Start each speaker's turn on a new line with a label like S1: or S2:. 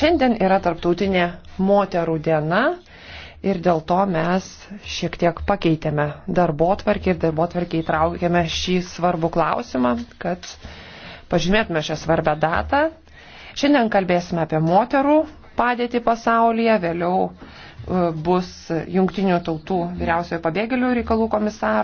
S1: Šiandien yra tarptautinė moterų diena ir dėl to mes šiek tiek pakeitėme darbo tvarkį ir darbo tvarkį įtraukėme šį svarbų klausimą, kad pažymėtume šią svarbę datą. Šiandien kalbėsime apie moterų padėtį pasaulyje, vėliau e, bus jungtinių tautų
S2: vyriausiojo pabėgėlių reikalų komisaro.